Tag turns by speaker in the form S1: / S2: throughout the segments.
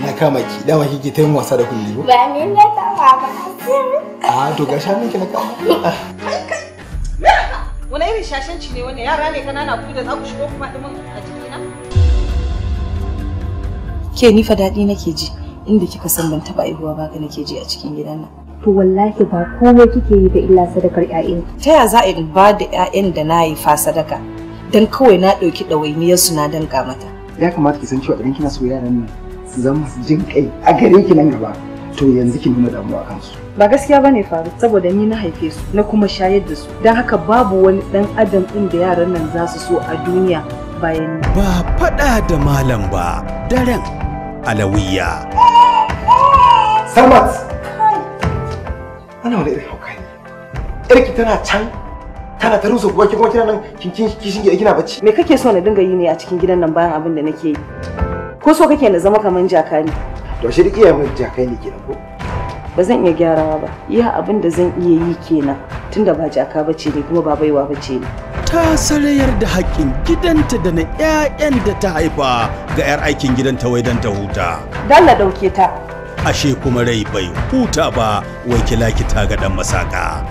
S1: na kama ki dama k'i ta yin wasa da kulli ba
S2: ba ne na kama
S1: ba a to ga shanun ki na kama
S2: ah. wani irin shashanci ne wannan yara ne kanana ku da za ku shigo kuma dumin a jikina ke ni fa daɗi nake ji inda kika san ban taɓa aihuwa ba ka nake ji a cikin gidan nan to wallahi ba
S1: komai kike yi da illa sadakar ƴaƴan
S2: ta ya za in ba da ƴaƴan da na yi fa sadaka dan kawai na ɗauki ɗawainiyar su na danka mata ya kamata ki san cewa idan kina so yaran nan zan jin kai a gare ki nan gaba to yanzu ki nuna damuwa kansu ba gaskiya bane faru saboda ni na haife su na kuma shayar da su dan haka babu wani dan adam din da yaran nan za su so a duniya bayan
S1: ba fada da malam ba daren alawiya samat ana wani irin hauka irki tana can tana ta rusa kuma kuma kina nan kin kishin gida kina
S2: bacci me kake so na dinga yi ne a cikin gidan nan bayan abin da nake yi ko so kake na zama kaman jaka ne to shi duk iyayen jaka ne kina ko ba zan iya gyarawa ba iya abin da zan iya yi kenan tunda ba jaka bace ne kuma ba baiwa bace ne
S1: ta sarayar da haƙƙin gidanta da na 'ya'yan da ta haifa ga 'yar aikin gidanta wai don ta huta
S2: dalla ɗauke ta
S1: ashe kuma rai bai huta ba wai kila ki ta ga ɗan masaka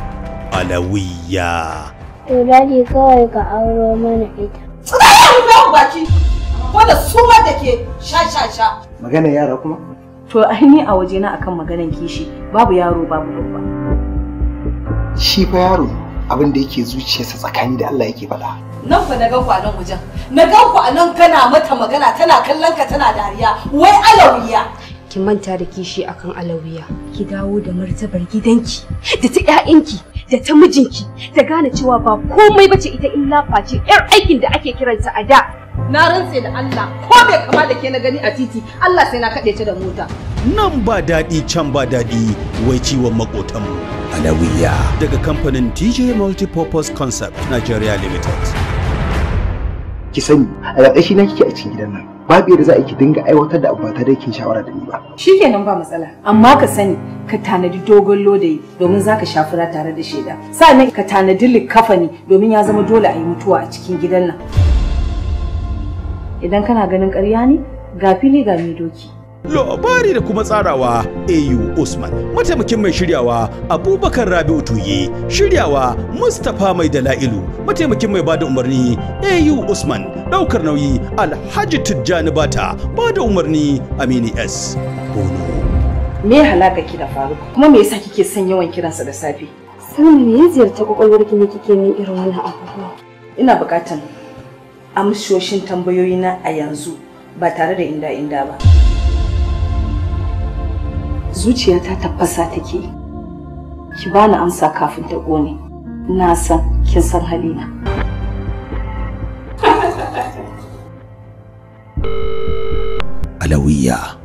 S1: alawiya
S2: To daji kawai ka auro mana ita. Tsaya mu da baki. Ko da suma da ke sha sha sha. Maganar yara kuma? To ai ni a waje na akan maganar kishi babu yaro babu babba. Shi fa yaro abin da yake zuciyarsa tsakani da Allah yake faɗa. Nan fa na ga ku a nan wajen. Na ga ku a nan kana mata magana tana kallon ka tana dariya. Wai alawiya. Ki manta da kishi akan alawiya. Ki dawo da martabar gidanki da ta 'ya'yanki da ta mijinki ta gane cewa ba komai bace ita illa face yar aikin da ake kiranta a da na rantse da Allah ko bai kama da ke na gani a titi Allah sai na kaɗe ta da mota
S1: nan ba daɗi can ba daɗi wai ciwon mu alawiya daga kamfanin DJ Multipurpose Concept Nigeria Limited
S2: ki sani a yaƙashi na kike a cikin gidan nan babu yadda za a ki dinga aiwatar da abu ba tare da kin shawara da ni ba shi kenan ba matsala amma ka sani ka tanadi dogon lodayi domin zaka shafura tare da sheda sannan ka tanadi likafani domin ya zama dole a yi mutuwa a cikin gidan nan idan kana ganin ƙarya ne ga fili ga mai doki
S1: labari da kuma tsarawa au usman mataimakin mai shiryawa abubakar rabi'u tuye shiryawa mustapha mai dala'ilu mataimakin mai bada umarni au usman Ɗaukar nauyi alhaji tijjani bata bada umarni amini s bono
S2: me halaka ki da faruk kuma me yasa kike son yawan kiransa da safe
S1: Sai ne ya ziyarci kokolwar ki ne kike ni irin wannan abubuwa
S2: ina bukatan amshoshin tambayoyina a yanzu ba tare da inda inda ba zuciyata tabbasa take ki bani amsa kafin ta ƙone na san kin san halina
S1: alawiya